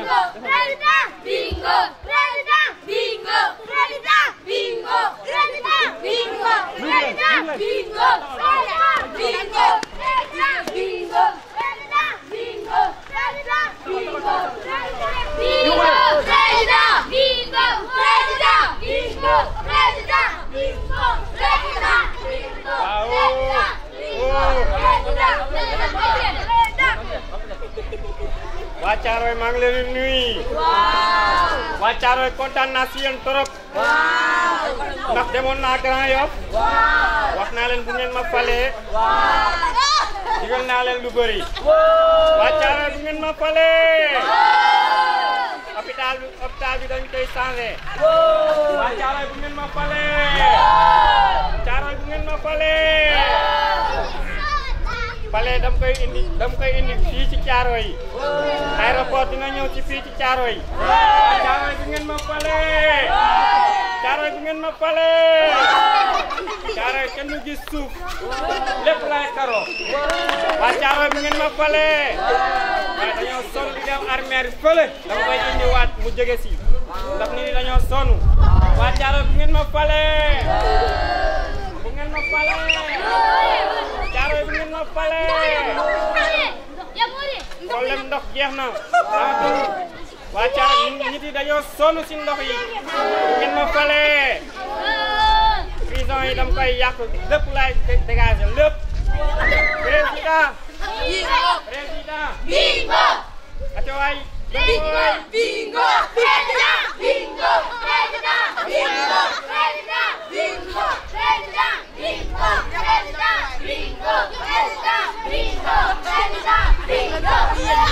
Bingo! Bingo! Bingo! Bingo! Bingo! waa Caaroy maa ngi leen di nuyu. waaw. waa Caaroy kontaan naa si yéen trop. waaw. demoon naa Grand Yoff. waaw. wax naa leen bu ngeen ma falee. waaw. naa leen lu bëri. waa Caaroy bu ngeen ma falee. hôpital bi hôpital bi dañ koy changé. waa bu ngeen ma falee. waaye koy indi dama koy indi fii ci caaro yi aéroport dina ñëw ci fii ci ma falee caaro yi bu ngeen caaro yi kenn du gis suuf lépp laay xaroo waa caaro yi bu ngeen ma falee mais dañoo sonn di dem armeer yi fële koy indi waat mu jege si nit ñi dañoo sonn waa caaro yi bu ma falee ndox jeex na waa Thiaré nit yi dañoo sonn si ndox yi ngeen ma falee prison yi dam koy yàq lépp laay dégagé lépp bingo aca bingo bingo bingo président bingo président bingo président bingo